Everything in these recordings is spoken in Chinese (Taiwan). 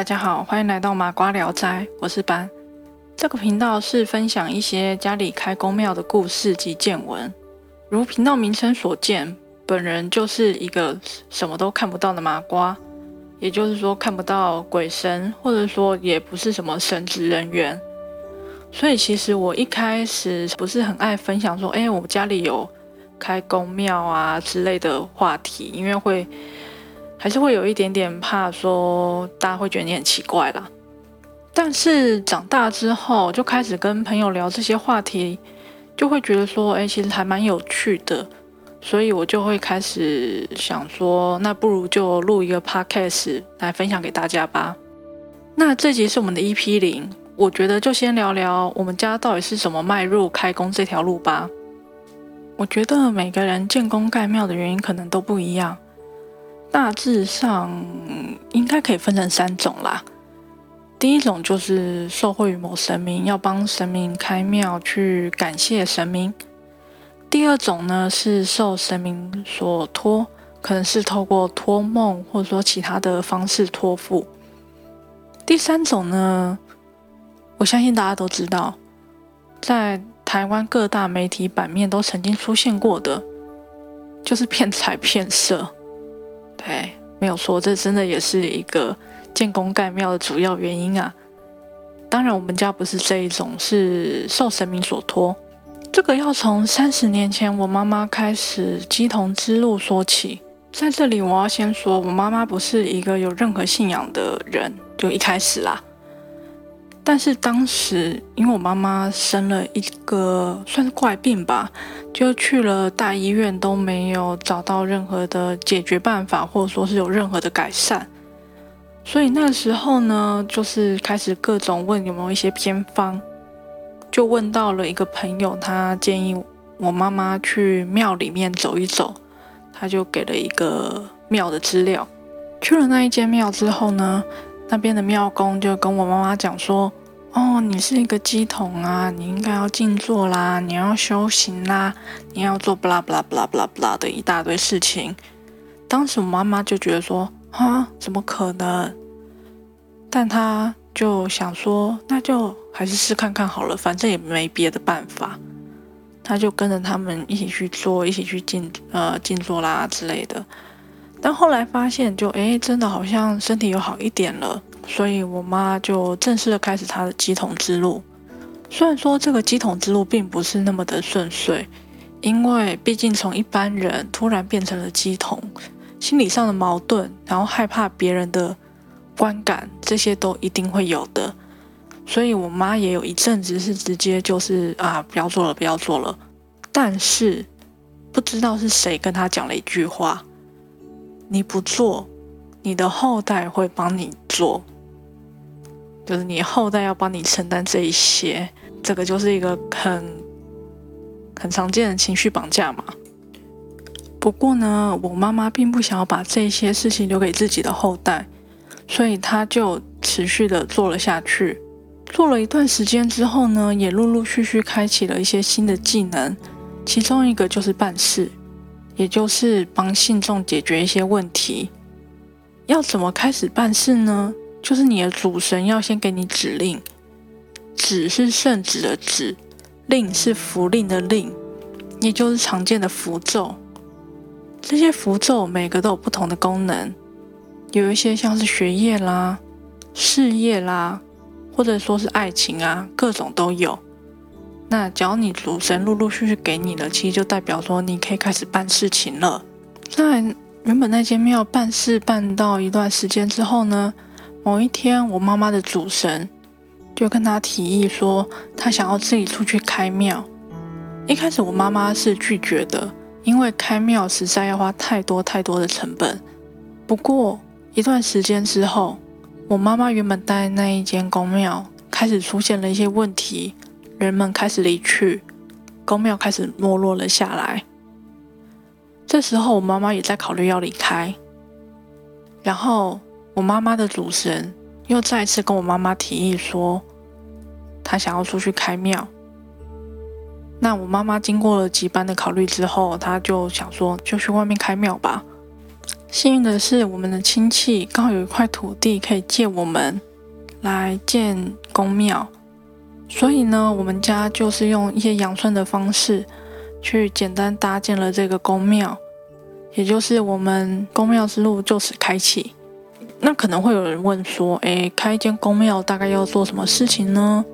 大家好，歡迎來到麻瓜聊齋，我是班。這個頻道是分享一些家裡開宮廟的故事及見聞。如頻道名稱所見，本人就是一個什麼都看不到的麻瓜，也就是說看不到鬼神，或者說也不是什麼神職人員。所以其實我一開始不是很愛分享說，哎，我家裡有開宮廟啊之類的話題，因為會，還是會有一點點怕說，說大家會覺得你很奇怪啦。但是長大之後就開始跟朋友聊這些話題，就會覺得說，哎，其實還蠻有趣的。所以我就會開始想說，那不如就錄一個 podcast 來分享給大家吧。那這集是我們的 EP 零，我覺得就先聊聊我們家到底是什麼邁入開宮這條路吧。我覺得每個人建功蓋廟的原因可能都不一樣。大致上應該可以分成三種啦。第一種就是受惠於某神明，要幫神明開廟去感謝神明；第二種呢，是受神明所托，可能是透過托夢或者說其他的方式托付；第三種呢，我相信大家都知道，在台灣各大媒體版面都曾經出現過的，就是騙財騙色。對，沒有錯，這真的也是一個建宮蓋廟的主要原因啊。當然，我們家不是這一種，是受神明所托。這個要從三十年前我媽媽開始乩童之路說起。在這裡，我要先說我媽媽不是一個有任何信仰的人，就一開始啦。但是當時，因為我媽媽生了一個算是怪病吧，就去了大醫院都沒有找到任何的解決辦法，或者說是有任何的改善。所以那時候呢，就是開始各種問有沒有一些偏方，就問到了一個朋友，他建議我媽媽去廟裡面走一走，他就給了一個廟的資料。去了那一間廟之後呢，那邊的廟公就跟我媽媽講說。哦，你是一個乩童啊！你應該要靜坐啦，你要修行啦，你要做布拉布拉布拉布拉布拉的一大堆事情。當時我媽媽就覺得說，哈，怎麼可能？但她就想說，那就還是試看看好了，反正也沒別的辦法。她就跟着他們一起去做，一起去靜呃靜坐啦之類的。但後來發現就，就哎，真的好像身體有好一點了。所以，我媽就正式的開始她的乩童之路。雖然說這個乩童之路並不是那麼的順遂，因為畢竟從一般人突然變成了乩童，心理上的矛盾，然後害怕別人的觀感，這些都一定會有的。所以，我媽也有一陣子是直接就是啊，不要做了，不要做了。但是，不知道是誰跟她講了一句話：“你不做，你的後代會幫你做。”就是你後代要幫你承擔這一些，這個就是一個很很常見的情緒綁架嘛。不過呢，我媽媽並不想要把這些事情留給自己的後代，所以她就持續的做了下去。做了一段時間之後呢，也陸陸續續開啟了一些新的技能，其中一個就是辦事，也就是幫信眾解決一些問題。要怎麼開始辦事呢？就是你的主神要先給你指令，旨是聖旨的旨，令是符令的令，也就是常見的符咒。這些符咒每個都有不同的功能，有一些像是學業啦、事業啦，或者說是愛情啊，各種都有。那只要你主神陸陸續續續給你了，其實就代表說你可以開始辦事情了。在原本那間廟辦事辦到一段時間之後呢，某一天，我媽媽的主神就跟他提議說，他想要自己出去開廟。一開始，我媽媽是拒絕的，因為開廟實在要花太多太多的成本。不過一段時間之後，我媽媽原本待的那一間宮廟開始出現了一些問題，人們開始離去，宮廟開始沒落，落了下來。這時候，我媽媽也在考慮要離開，然後，我媽媽的主持人又再一次跟我媽媽提議說，她想要出去開廟。那我媽媽經過了幾番的考慮之後，她就想說，就去外面開廟吧。幸運的是，我們的親戚剛好有一塊土地可以借我們來建宮廟，所以呢，我們家就是用一些陽春的方式去簡單搭建了這個宮廟，也就是我們宮廟之路就此開啟。那可能會有人問說，哎，開一間宮廟大概要做什麼事情呢？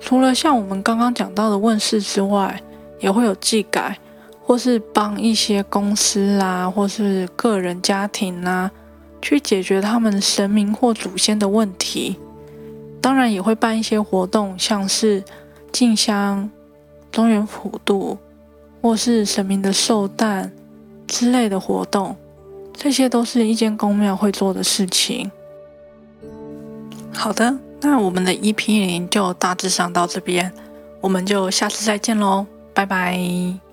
除了像我們剛剛講到的問事之外，也會有祭改，或是幫一些公司啦，或是個人家庭吶，去解決他們神明或祖先的問題。當然也會辦一些活動，像是進香、中元普渡，或是神明的壽誕之類的活動。這些都是一間宮廟會做的事情。好的，那我們的 EP 零就大致上到這邊，我們就下次再見嘍，拜拜。